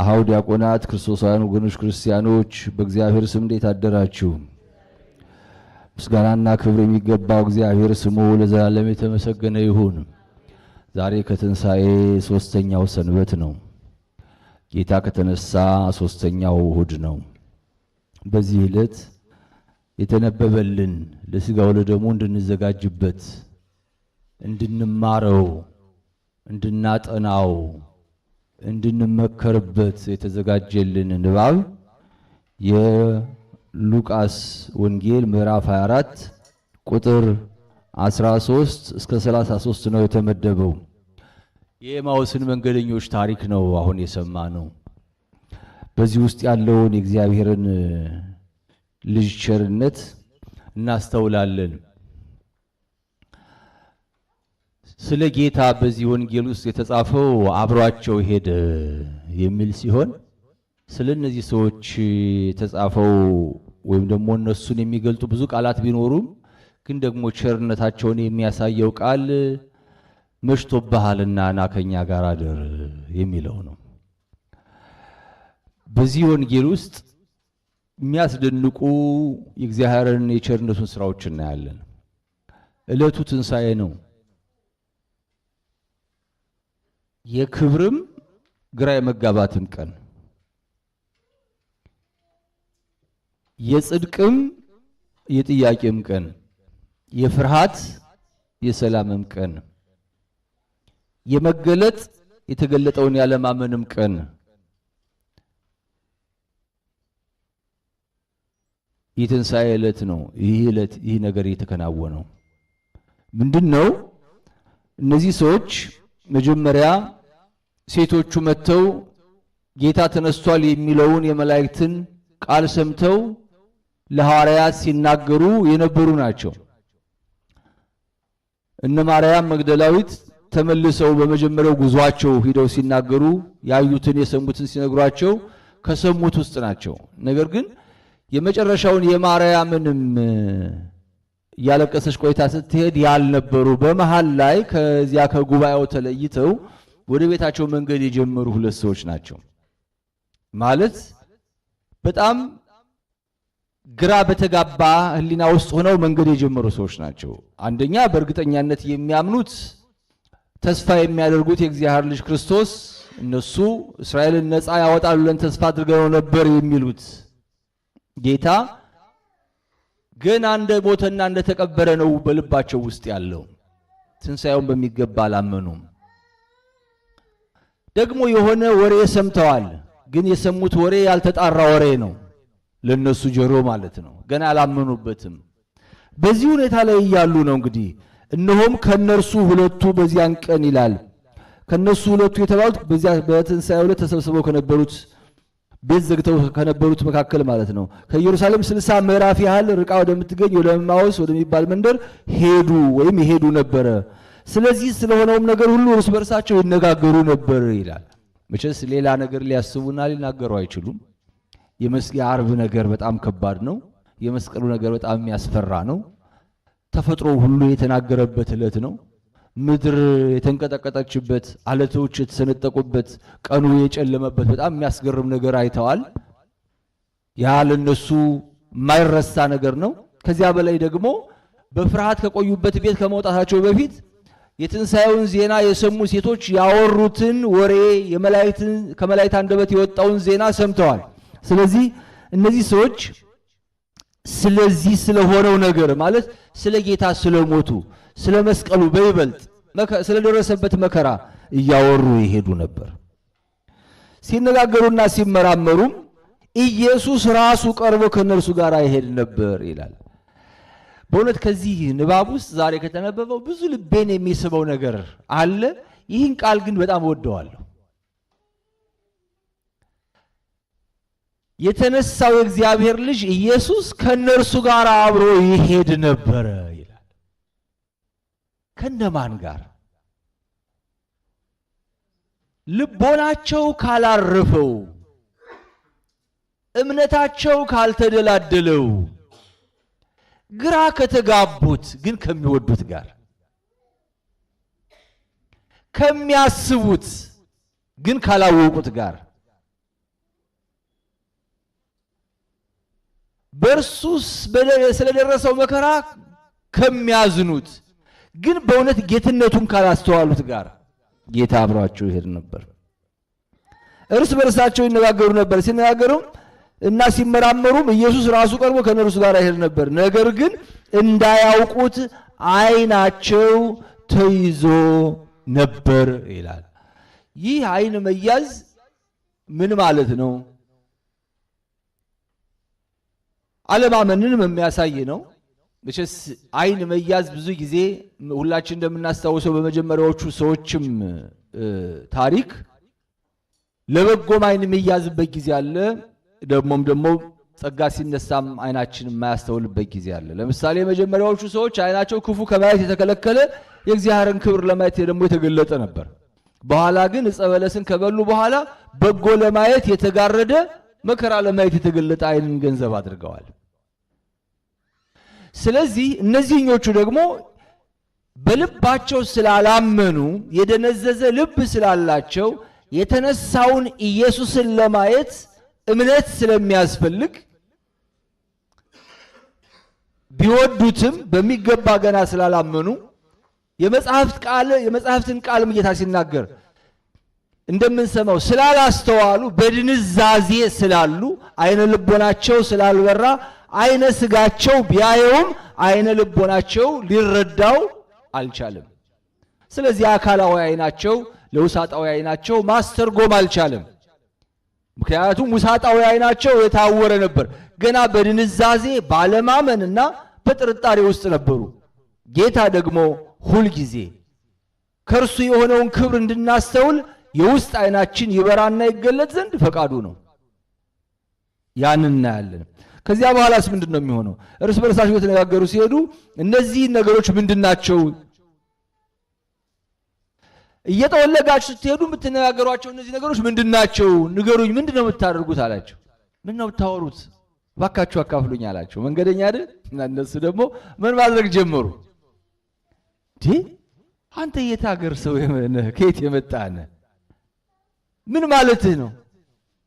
አሃው ዲያቆናት፣ ክርስቶሳውያን ወገኖች፣ ክርስቲያኖች በእግዚአብሔር ስም እንዴት አደራችሁ? ምስጋናና ክብር የሚገባው እግዚአብሔር ስሙ ለዘላለም የተመሰገነ ይሁን። ዛሬ ከትንሣኤ ሦስተኛው ሰንበት ነው። ጌታ ከተነሳ ሦስተኛው እሁድ ነው። በዚህ ዕለት የተነበበልን ለሥጋው ለደሙ እንድንዘጋጅበት፣ እንድንማረው፣ እንድናጠናው እንድንመከርበት የተዘጋጀልን ንባብ የሉቃስ ወንጌል ምዕራፍ 24 ቁጥር 13 እስከ 33 ነው የተመደበው። የኤማውስን መንገደኞች ታሪክ ነው አሁን የሰማ ነው። በዚህ ውስጥ ያለውን የእግዚአብሔርን ልጅ ቸርነት እናስተውላለን። ስለ ጌታ በዚህ ወንጌል ውስጥ የተጻፈው አብሯቸው ሄደ የሚል ሲሆን ስለ እነዚህ ሰዎች የተጻፈው ወይም ደግሞ እነሱን የሚገልጡ ብዙ ቃላት ቢኖሩም ግን ደግሞ ቸርነታቸውን የሚያሳየው ቃል መሽቶብሃልና ና ከኛ ጋር አድር የሚለው ነው። በዚህ ወንጌል ውስጥ የሚያስደንቁ የእግዚአብሔርን የቸርነቱን ስራዎች እናያለን። ዕለቱ ትንሣኤ ነው። የክብርም ግራ የመጋባትም ቀን የጽድቅም የጥያቄም ቀን የፍርሃት የሰላምም ቀን የመገለጥ የተገለጠውን ያለማመንም ቀን የትንሣኤ ዕለት ነው። ይህ ዕለት ይህ ነገር የተከናወነው ምንድን ነው? እነዚህ ሰዎች መጀመሪያ ሴቶቹ መጥተው ጌታ ተነስቷል የሚለውን የመላእክትን ቃል ሰምተው ለሐዋርያት ሲናገሩ የነበሩ ናቸው። እነ ማርያም መግደላዊት ተመልሰው በመጀመሪያው ጉዟቸው ሂደው ሲናገሩ ያዩትን የሰሙትን ሲነግሯቸው ከሰሙት ውስጥ ናቸው። ነገር ግን የመጨረሻውን የማርያምንም እያለቀሰች ቆይታ ስትሄድ ያልነበሩ በመሃል ላይ ከዚያ ከጉባኤው ተለይተው ወደ ቤታቸው መንገድ የጀመሩ ሁለት ሰዎች ናቸው። ማለት በጣም ግራ በተጋባ ሕሊና ውስጥ ሆነው መንገድ የጀመሩ ሰዎች ናቸው። አንደኛ በእርግጠኛነት የሚያምኑት ተስፋ የሚያደርጉት የእግዚአብሔር ልጅ ክርስቶስ እነሱ እስራኤልን ነፃ ያወጣሉለን ተስፋ አድርገው ነበር የሚሉት ጌታ ገና እንደ ሞተና እንደተቀበረ ነው በልባቸው ውስጥ ያለው። ትንሣኤውን በሚገባ አላመኑም። ደግሞ የሆነ ወሬ ሰምተዋል፣ ግን የሰሙት ወሬ ያልተጣራ ወሬ ነው፣ ለነሱ ጆሮ ማለት ነው። ገና አላመኑበትም። በዚህ ሁኔታ ላይ እያሉ ነው እንግዲህ እነሆም ከነርሱ ሁለቱ በዚያን ቀን ይላል ከነሱ ሁለቱ የተባሉት በዚያ በትንሣኤው ዕለት ተሰብስበው ከነበሩት ቤት ዘግተው ከነበሩት መካከል ማለት ነው። ከኢየሩሳሌም ስልሳ ምዕራፍ ያህል ርቃ ወደምትገኝ ወደ ኤማሁስ ወደሚባል መንደር ሄዱ ወይም ይሄዱ ነበረ። ስለዚህ ስለሆነውም ነገር ሁሉ እርስ በርሳቸው ይነጋገሩ ነበር ይላል። መቼስ ሌላ ነገር ሊያስቡና ሊናገሩ አይችሉም። የዓርብ ነገር በጣም ከባድ ነው። የመስቀሉ ነገር በጣም የሚያስፈራ ነው። ተፈጥሮ ሁሉ የተናገረበት ዕለት ነው። ምድር የተንቀጠቀጠችበት፣ አለቶች የተሰነጠቁበት፣ ቀኑ የጨለመበት በጣም የሚያስገርም ነገር አይተዋል። ያ ለነሱ የማይረሳ ነገር ነው። ከዚያ በላይ ደግሞ በፍርሃት ከቆዩበት ቤት ከመውጣታቸው በፊት የትንሣኤውን ዜና የሰሙ ሴቶች ያወሩትን ወሬ የመላእክትን ከመላእክት አንደበት የወጣውን ዜና ሰምተዋል። ስለዚህ እነዚህ ሰዎች ስለዚህ ስለሆነው ነገር ማለት ስለ ጌታ ስለሞቱ ስለ መስቀሉ በይበልጥ ስለደረሰበት መከራ እያወሩ ይሄዱ ነበር። ሲነጋገሩና ሲመራመሩም ኢየሱስ ራሱ ቀርቦ ከእነርሱ ጋር ይሄድ ነበር ይላል። በእውነት ከዚህ ንባብ ውስጥ ዛሬ ከተነበበው ብዙ ልቤን የሚስበው ነገር አለ። ይህን ቃል ግን በጣም ወደዋለሁ። የተነሳው የእግዚአብሔር ልጅ ኢየሱስ ከእነርሱ ጋር አብሮ ይሄድ ነበረ። ከነማን ጋር? ልቦናቸው ካላረፈው፣ እምነታቸው ካልተደላደለው፣ ግራ ከተጋቡት ግን ከሚወዱት ጋር ከሚያስቡት ግን ካላወቁት ጋር በእርሱስ ስለደረሰው መከራ ከሚያዝኑት ግን በእውነት ጌትነቱን ካላስተዋሉት ጋር ጌታ አብሯቸው ይሄድ ነበር። እርስ በርሳቸው ይነጋገሩ ነበር። ሲነጋገሩም እና ሲመራመሩም ኢየሱስ ራሱ ቀርቦ ከነርሱ ጋር ይሄድ ነበር። ነገር ግን እንዳያውቁት ዓይናቸው ተይዞ ነበር ይላል። ይህ ዓይን መያዝ ምን ማለት ነው? አለማመንንም የሚያሳይ ነው። መቼስ አይን መያዝ ብዙ ጊዜ ሁላችን እንደምናስታውሰው በመጀመሪያዎቹ ሰዎችም ታሪክ ለበጎም አይን የሚያዝበት ጊዜ አለ። ደግሞም ደግሞ ጸጋ ሲነሳም አይናችን የማያስተውልበት ጊዜ አለ። ለምሳሌ የመጀመሪያዎቹ ሰዎች አይናቸው ክፉ ከማየት የተከለከለ የእግዚአብሔርን ክብር ለማየት ደግሞ የተገለጠ ነበር። በኋላ ግን ዕፀ በለስን ከበሉ በኋላ በጎ ለማየት የተጋረደ መከራ ለማየት የተገለጠ አይንን ገንዘብ አድርገዋል። ስለዚህ እነዚህኞቹ ደግሞ በልባቸው ስላላመኑ የደነዘዘ ልብ ስላላቸው የተነሳውን ኢየሱስን ለማየት እምነት ስለሚያስፈልግ ቢወዱትም በሚገባ ገና ስላላመኑ የመጽሐፍት ቃል የመጽሐፍትን ቃልም ጌታ ሲናገር እንደምንሰማው ስላላስተዋሉ በድንዛዜ ስላሉ አይነ ልቦናቸው ስላልበራ አይነ ስጋቸው ቢያየውም አይነ ልቦናቸው ሊረዳው አልቻለም። ስለዚህ አካላዊ አይናቸው ለውሳጣዊ አይናቸው ማስተርጎም አልቻለም። ምክንያቱም ውሳጣዊ አይናቸው የታወረ ነበር። ገና በድንዛዜ ባለማመንና በጥርጣሬ ውስጥ ነበሩ። ጌታ ደግሞ ሁልጊዜ ከእርሱ የሆነውን ክብር እንድናስተውል የውስጥ አይናችን ይበራና ይገለጥ ዘንድ ፈቃዱ ነው። ያን እናያለን። ከዚያ በኋላስ ምንድን ነው የሚሆነው? እርስ በርሳቸው የተነጋገሩ ሲሄዱ እነዚህ ነገሮች ምንድን ናቸው? እየተወለጋችሁ ስትሄዱ የምትነጋገሯቸው እነዚህ ነገሮች ምንድን ናቸው? ንገሩኝ፣ ምንድን ነው የምታደርጉት አላቸው። ምን ነው የምታወሩት? ባካችሁ አካፍሉኝ አላቸው። መንገደኛ አይደል? እነሱ ደግሞ ምን ማድረግ ጀመሩ? አንተ የት ሀገር ሰው ከየት የመጣነ ምን ማለትህ ነው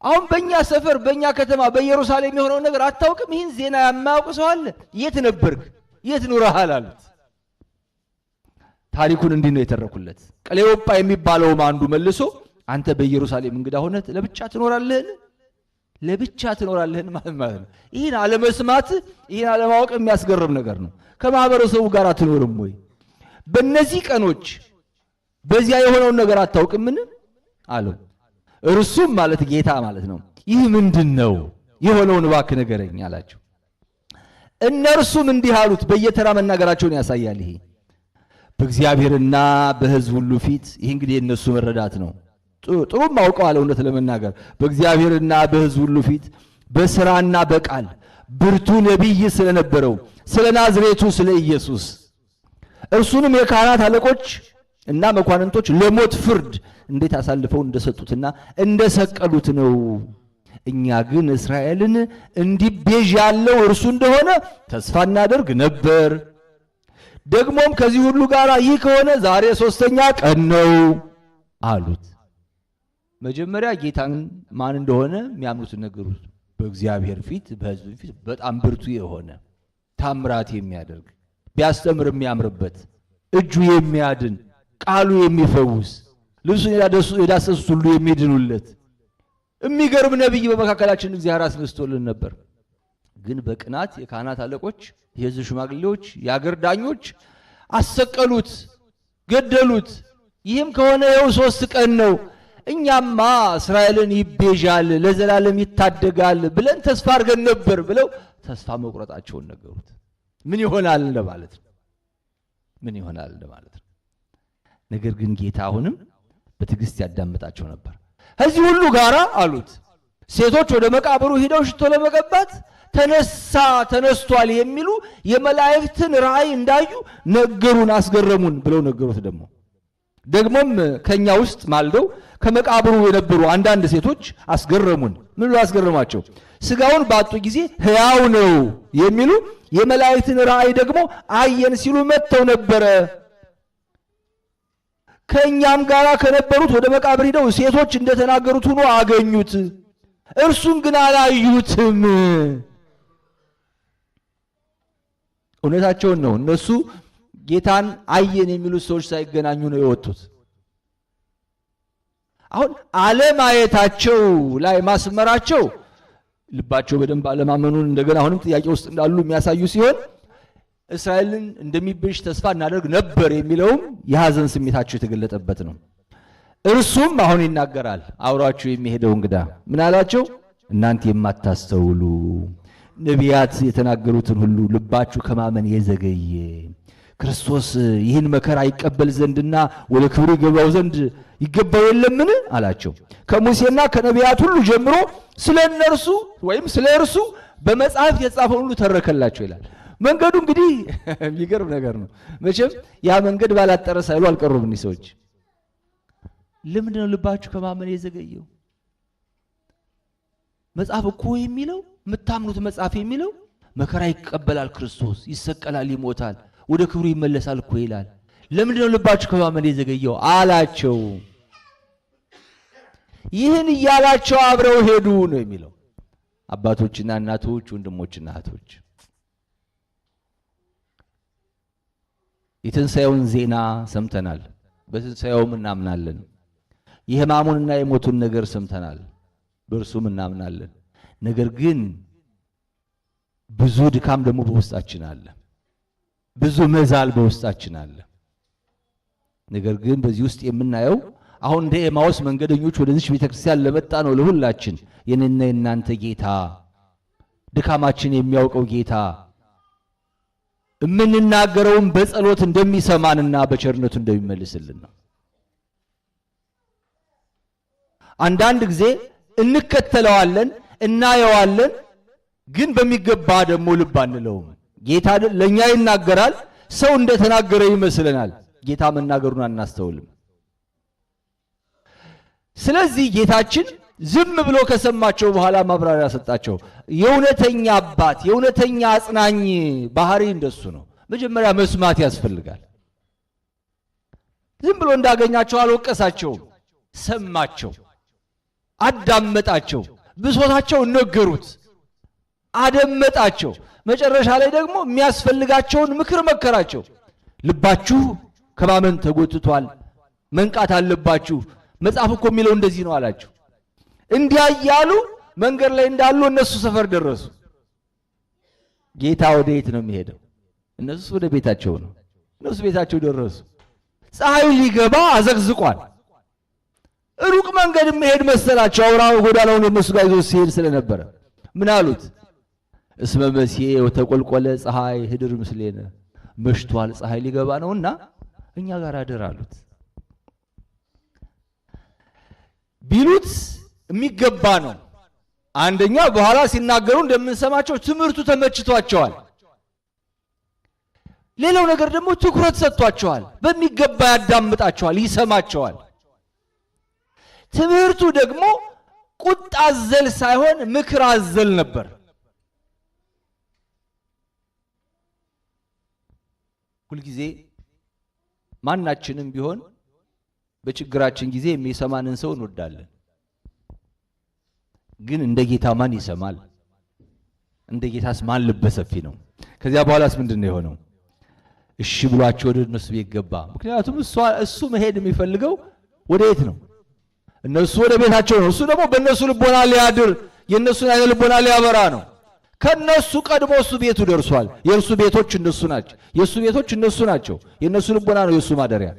አሁን በእኛ ሰፈር በእኛ ከተማ በኢየሩሳሌም የሆነውን ነገር አታውቅም? ይህን ዜና የማያውቅ ሰው አለ? የት ነበርክ? የት ኑረሃል? አሉት። ታሪኩን እንዲህ ነው የተረኩለት። ቀሌዮጳ የሚባለውም አንዱ መልሶ አንተ በኢየሩሳሌም እንግዳ ሆነት ለብቻ ትኖራለህን? ለብቻ ትኖራለህን ማለት ማለት ነው። ይህን አለመስማት ይህን አለማወቅ የሚያስገርም ነገር ነው። ከማህበረሰቡ ጋር አትኖርም ወይ? በእነዚህ ቀኖች በዚያ የሆነውን ነገር አታውቅምን? አለው። እርሱም ማለት ጌታ ማለት ነው። ይህ ምንድን ነው የሆነውን እባክህ ንገረኝ አላቸው። እነርሱም እንዲህ አሉት። በየተራ መናገራቸውን ያሳያል። ይሄ በእግዚአብሔርና በሕዝብ ሁሉ ፊት ይህ እንግዲህ የእነሱ መረዳት ነው። ጥሩም አውቀዋል። እውነት ለመናገር በእግዚአብሔርና በሕዝብ ሁሉ ፊት በስራና በቃል ብርቱ ነቢይ ስለነበረው ስለ ናዝሬቱ ስለ ኢየሱስ እርሱንም የካህናት አለቆች እና መኳንንቶች ለሞት ፍርድ እንዴት አሳልፈው እንደሰጡትና እንደሰቀሉት ነው። እኛ ግን እስራኤልን እንዲቤዥ ያለው እርሱ እንደሆነ ተስፋ እናደርግ ነበር። ደግሞም ከዚህ ሁሉ ጋር ይህ ከሆነ ዛሬ ሦስተኛ ቀን ነው አሉት። መጀመሪያ ጌታን ማን እንደሆነ የሚያምኑት ነገሩት። በእግዚአብሔር ፊት በሕዝብ ፊት በጣም ብርቱ የሆነ ታምራት የሚያደርግ ቢያስተምር የሚያምርበት እጁ የሚያድን ቃሉ የሚፈውስ ልብሱን የዳሰሱት ሁሉ የሚድኑለት የሚገርም ነቢይ በመካከላችን እግዚአብሔር አስነስቶልን ነበር። ግን በቅናት የካህናት አለቆች፣ የሕዝብ ሽማግሌዎች፣ የአገር ዳኞች አሰቀሉት፣ ገደሉት። ይህም ከሆነ የው ሶስት ቀን ነው። እኛማ እስራኤልን ይቤዣል፣ ለዘላለም ይታደጋል ብለን ተስፋ አድርገን ነበር ብለው ተስፋ መቁረጣቸውን ነገሩት። ምን ይሆናል እንደማለት ነው። ምን ይሆናል እንደማለት ነው። ነገር ግን ጌታ አሁንም በትዕግስት ያዳምጣቸው ነበር። ከዚህ ሁሉ ጋር አሉት ሴቶች ወደ መቃብሩ ሂደው ሽቶ ለመቀባት ተነሳ ተነስቷል የሚሉ የመላእክትን ራእይ እንዳዩ ነገሩን፣ አስገረሙን ብለው ነገሩት። ደግሞ ደግሞም ከኛ ውስጥ ማልደው ከመቃብሩ የነበሩ አንዳንድ ሴቶች አስገረሙን። ምን አስገረማቸው? ስጋውን ባጡ ጊዜ ሕያው ነው የሚሉ የመላእክትን ራእይ ደግሞ አየን ሲሉ መጥተው ነበረ ከእኛም ጋር ከነበሩት ወደ መቃብር ሂደው ሴቶች እንደተናገሩት ሆኖ አገኙት። እርሱን ግን አላዩትም። እውነታቸውን ነው። እነሱ ጌታን አየን የሚሉት ሰዎች ሳይገናኙ ነው የወጡት። አሁን አለማየታቸው ላይ ማስመራቸው ልባቸው በደንብ አለማመኑን እንደገና አሁንም ጥያቄ ውስጥ እንዳሉ የሚያሳዩ ሲሆን እስራኤልን እንደሚቤዥ ተስፋ እናደርግ ነበር የሚለውም የሐዘን ስሜታቸው የተገለጠበት ነው። እርሱም አሁን ይናገራል። አብሯቸው የሚሄደው እንግዳ ምን አላቸው? እናንተ የማታስተውሉ ነቢያት የተናገሩትን ሁሉ ልባችሁ ከማመን የዘገየ ክርስቶስ ይህን መከራ ይቀበል ዘንድና ወደ ክብሩ ይገባው ዘንድ ይገባው የለምን አላቸው። ከሙሴና ከነቢያት ሁሉ ጀምሮ ስለ እነርሱ ወይም ስለ እርሱ በመጽሐፍ የጻፈውን ሁሉ ተረከላቸው ይላል። መንገዱ እንግዲህ የሚገርም ነገር ነው። መቼም ያ መንገድ ባላጠረ ሳይሉ አልቀሩም እኒህ ሰዎች። ለምንድን ነው ልባችሁ ከማመን የዘገየው? መጽሐፍ እኮ የሚለው የምታምኑት መጽሐፍ የሚለው መከራ ይቀበላል ክርስቶስ፣ ይሰቀላል፣ ይሞታል፣ ወደ ክብሩ ይመለሳል እኮ ይላል። ለምንድን ነው ልባችሁ ከማመን የዘገየው አላቸው። ይህን እያላቸው አብረው ሄዱ ነው የሚለው። አባቶችና እናቶች፣ ወንድሞችና እህቶች የትንሣኤውን ዜና ሰምተናል። በትንሣኤውም እናምናለን። የሕማሙንና የሞቱን ነገር ሰምተናል። በእርሱም እናምናለን። ነገር ግን ብዙ ድካም ደግሞ በውስጣችን አለ። ብዙ መዛል በውስጣችን አለ። ነገር ግን በዚህ ውስጥ የምናየው አሁን እንደ ኤማውስ መንገደኞች ወደዚች ቤተክርስቲያን ለመጣ ነው ለሁላችን የእኔና የእናንተ ጌታ ድካማችን የሚያውቀው ጌታ የምንናገረውን በጸሎት እንደሚሰማንና በቸርነቱ እንደሚመልስልን ነው። አንዳንድ ጊዜ እንከተለዋለን፣ እናየዋለን፣ ግን በሚገባ ደግሞ ልብ አንለውም። ጌታ ለእኛ ይናገራል፣ ሰው እንደተናገረ ይመስለናል። ጌታ መናገሩን አናስተውልም። ስለዚህ ጌታችን ዝም ብሎ ከሰማቸው በኋላ ማብራሪያ ሰጣቸው። የእውነተኛ አባት የእውነተኛ አጽናኝ ባህሪ እንደሱ ነው። መጀመሪያ መስማት ያስፈልጋል። ዝም ብሎ እንዳገኛቸው አልወቀሳቸውም። ሰማቸው፣ አዳመጣቸው፣ ብሶታቸው ነገሩት፣ አደመጣቸው። መጨረሻ ላይ ደግሞ የሚያስፈልጋቸውን ምክር መከራቸው። ልባችሁ ከማመን ተጎትቷል፣ መንቃት አለባችሁ። መጽሐፍ እኮ የሚለው እንደዚህ ነው አላቸው። እንዲያያሉ መንገድ ላይ እንዳሉ እነሱ ሰፈር ደረሱ። ጌታ ወደ የት ነው የሚሄደው? እነሱስ ወደ ቤታቸው ነው። እነሱ ቤታቸው ደረሱ። ፀሐዩ ሊገባ አዘግዝቋል ሩቅ መንገድ መሄድ መሰላቸው። አውራ ጎዳናውን እነሱ ጋር ይዞ ሲሄድ ስለነበረ ምን አሉት? እስመ መሲሄ ወተቆልቆለ ፀሐይ ህድር ምስሌነ፣ መሽቷል ፀሐይ ሊገባ ነውና እኛ ጋር አደር አሉት ቢሉት የሚገባ ነው። አንደኛ በኋላ ሲናገሩ እንደምንሰማቸው ትምህርቱ ተመችቷቸዋል። ሌላው ነገር ደግሞ ትኩረት ሰጥቷቸዋል። በሚገባ ያዳምጣቸዋል፣ ይሰማቸዋል። ትምህርቱ ደግሞ ቁጣ አዘል ሳይሆን ምክር አዘል ነበር። ሁልጊዜ ማናችንም ቢሆን በችግራችን ጊዜ የሚሰማንን ሰው እንወዳለን። ግን እንደ ጌታ ማን ይሰማል? እንደ ጌታስ ማን ልበ ሰፊ ነው? ከዚያ በኋላስ ምንድን ነው የሆነው? እሺ ብሏቸው ወደ እነሱ ቤት ገባ። ምክንያቱም እሱ መሄድ የሚፈልገው ወደ የት ነው? እነሱ ወደ ቤታቸው ነው። እሱ ደግሞ በእነሱ ልቦና ሊያድር የእነሱን አይነ ልቦና ሊያበራ ነው። ከእነሱ ቀድሞ እሱ ቤቱ ደርሷል። የእርሱ ቤቶች እነሱ ናቸው። የእሱ ቤቶች እነሱ ናቸው። የእነሱ ልቦና ነው የእሱ ማደሪያ።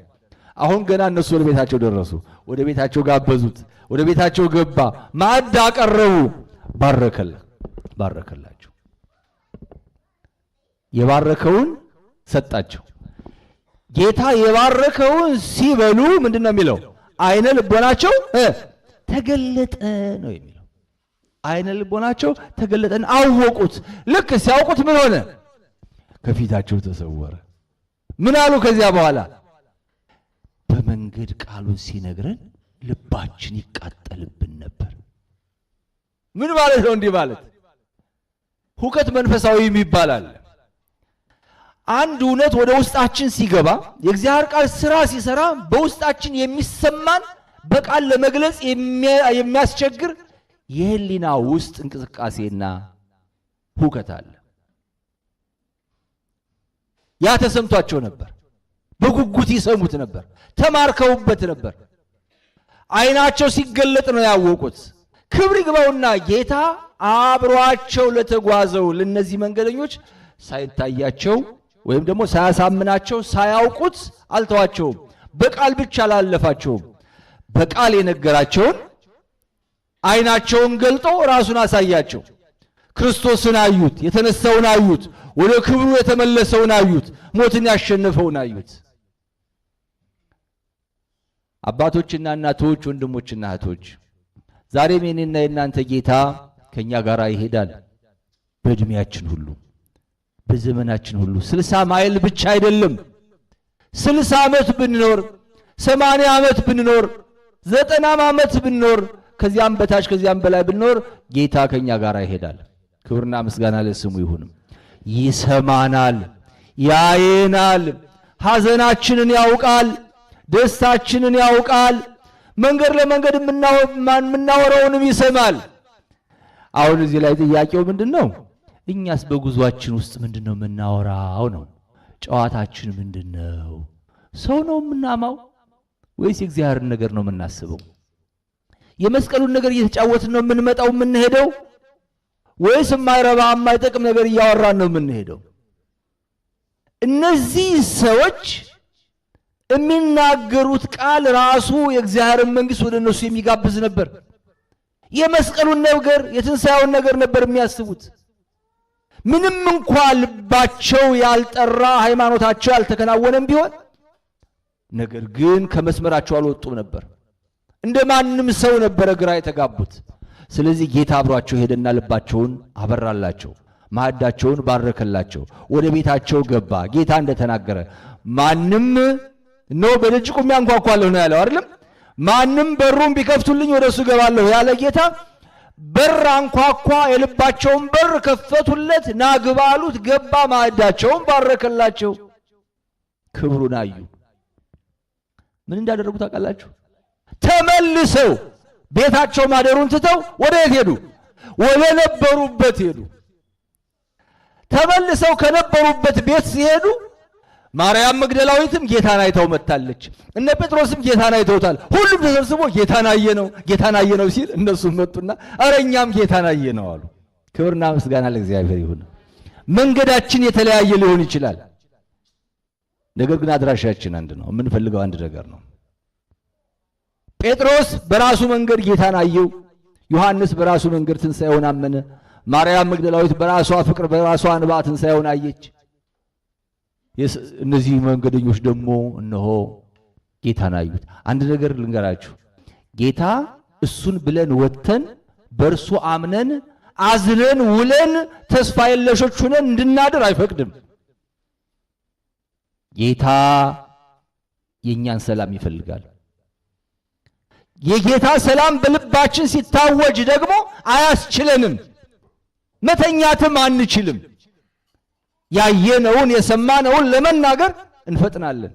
አሁን ገና እነሱ ወደ ቤታቸው ደረሱ። ወደ ቤታቸው ጋበዙት። ወደ ቤታቸው ገባ፣ ማዕድ አቀረቡ፣ ባረከላቸው። የባረከውን ሰጣቸው። ጌታ የባረከውን ሲበሉ ምንድን ነው የሚለው? አይነ ልቦናቸው ተገለጠ ነው የሚለው። አይነ ልቦናቸው ተገለጠን፣ አወቁት። ልክ ሲያውቁት ምን ሆነ? ከፊታቸው ተሰወረ። ምን አሉ? ከዚያ በኋላ በመንገድ ቃሉን ሲነግረን ልባችን ይቃጠልብን ነበር። ምን ማለት ነው? እንዲህ ማለት ሁከት መንፈሳዊ ይባላል። አንድ እውነት ወደ ውስጣችን ሲገባ የእግዚአብሔር ቃል ስራ ሲሰራ በውስጣችን የሚሰማን በቃል ለመግለጽ የሚያስቸግር የህሊና ውስጥ እንቅስቃሴና ሁከት አለ። ያ ተሰምቷቸው ነበር። በጉጉት ይሰሙት ነበር። ተማርከውበት ነበር። አይናቸው ሲገለጥ ነው ያወቁት። ክብር ይግባውና ጌታ አብሯቸው ለተጓዘው ለእነዚህ መንገደኞች ሳይታያቸው ወይም ደግሞ ሳያሳምናቸው ሳያውቁት አልተዋቸውም። በቃል ብቻ አላለፋቸውም። በቃል የነገራቸውን አይናቸውን ገልጦ ራሱን አሳያቸው። ክርስቶስን አዩት፣ የተነሳውን አዩት፣ ወደ ክብሩ የተመለሰውን አዩት፣ ሞትን ያሸነፈውን አዩት። አባቶችና እናቶች፣ ወንድሞችና እህቶች ዛሬም የኔና የእናንተ ጌታ ከእኛ ጋር ይሄዳል። በእድሜያችን ሁሉ በዘመናችን ሁሉ ስልሳ ማይል ብቻ አይደለም። ስልሳ ዓመት ብንኖር፣ ሰማንያ ዓመት ብንኖር፣ ዘጠናም ዓመት ብንኖር፣ ከዚያም በታች ከዚያም በላይ ብንኖር ጌታ ከእኛ ጋር ይሄዳል። ክብርና ምስጋና ለስሙ ይሁንም። ይሰማናል፣ ያየናል፣ ሐዘናችንን ያውቃል ደስታችንን ያውቃል። መንገድ ለመንገድ የምናወራውንም ይሰማል። አሁን እዚህ ላይ ጥያቄው ምንድን ነው? እኛስ በጉዟችን ውስጥ ምንድን ነው የምናወራው ነው? ጨዋታችን ምንድን ነው? ሰው ነው የምናማው ወይስ የእግዚአብሔርን ነገር ነው የምናስበው? የመስቀሉን ነገር እየተጫወትን ነው የምንመጣው የምንሄደው? ወይስ የማይረባ የማይጠቅም ነገር እያወራን ነው የምንሄደው? እነዚህ ሰዎች የሚናገሩት ቃል ራሱ የእግዚአብሔርን መንግስት ወደ እነሱ የሚጋብዝ ነበር። የመስቀሉን ነገር የትንሣኤውን ነገር ነበር የሚያስቡት። ምንም እንኳ ልባቸው ያልጠራ ሃይማኖታቸው ያልተከናወነም ቢሆን ነገር ግን ከመስመራቸው አልወጡም ነበር። እንደ ማንም ሰው ነበረ ግራ የተጋቡት። ስለዚህ ጌታ አብሯቸው ሄደና ልባቸውን አበራላቸው፣ ማዕዳቸውን ባረከላቸው፣ ወደ ቤታቸው ገባ። ጌታ እንደተናገረ ማንም እነሆ በደጅ ቆሜ አንኳኳለሁ ነው ያለው አይደለም? ማንም በሩን ቢከፍቱልኝ ወደ እሱ እገባለሁ ያለ ጌታ በር አንኳኳ፣ የልባቸውን በር ከፈቱለት፣ ናግባሉት አሉት። ገባ፣ ማዕዳቸውን ባረከላቸው፣ ክብሩን አዩ። ምን እንዳደረጉ ታውቃላችሁ? ተመልሰው ቤታቸው ማደሩን ትተው ወደ የት ሄዱ? ወደ ነበሩበት ሄዱ። ተመልሰው ከነበሩበት ቤት ሲሄዱ ማርያም መግደላዊትም ጌታን አይተው መጥታለች። እነ ጴጥሮስም ጌታን አይተውታል። ሁሉም ተሰብስቦ ጌታን ነው ጌታን ነው ሲል እነሱም መጡና ኧረ እኛም ጌታን ነው አሉ። ክብርና ምስጋና ለእግዚአብሔር ይሁን። መንገዳችን የተለያየ ሊሆን ይችላል፣ ነገር ግን አድራሻችን አንድ ነው። የምንፈልገው አንድ ነገር ነው። ጴጥሮስ በራሱ መንገድ ጌታን አየው። ዮሐንስ በራሱ መንገድ ትንሣኤውን አመነ። ማርያም መግደላዊት በራሷ ፍቅር፣ በራሷ እንባ ትንሣኤውን አየች። እነዚህ መንገደኞች ደግሞ እነሆ ጌታን አዩት። አንድ ነገር ልንገራችሁ፣ ጌታ እሱን ብለን ወጥተን በእርሱ አምነን አዝለን ውለን ተስፋ የለሾች ሁነን እንድናድር አይፈቅድም። ጌታ የእኛን ሰላም ይፈልጋል። የጌታ ሰላም በልባችን ሲታወጅ ደግሞ አያስችለንም፣ መተኛትም አንችልም። ያየነውን የሰማነውን ለመናገር እንፈጥናለን።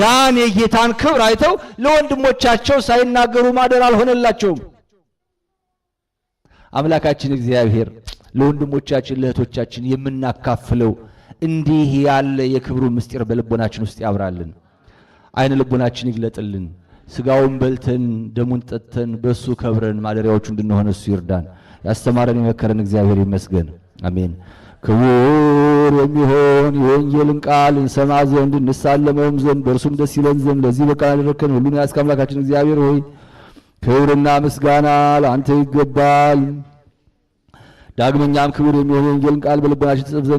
ያን የጌታን ክብር አይተው ለወንድሞቻቸው ሳይናገሩ ማደር አልሆነላቸውም። አምላካችን እግዚአብሔር ለወንድሞቻችን ለእህቶቻችን የምናካፍለው እንዲህ ያለ የክብሩ ምስጢር በልቦናችን ውስጥ ያብራልን። አይን ልቦናችን ይግለጥልን። ስጋውን በልተን ደሙን ጠጥተን በእሱ ከብረን ማደሪያዎቹ እንድንሆን እሱ ይርዳን። ያስተማረን የመከረን እግዚአብሔር ይመስገን። አሜን። ክቡር የሚሆን የወንጌልን ቃል እንሰማ ዘንድ እንሳለመውም ዘንድ በእርሱም ደስ ይለን ዘንድ ለዚህ በቃል ያደረከን ሁሉን ያስከ አምላካችን እግዚአብሔር ሆይ ክብርና ምስጋና ለአንተ ይገባል። ዳግመኛም ክቡር የሚሆን የወንጌልን ቃል በልቦናችን ትጽፍ ዘንድ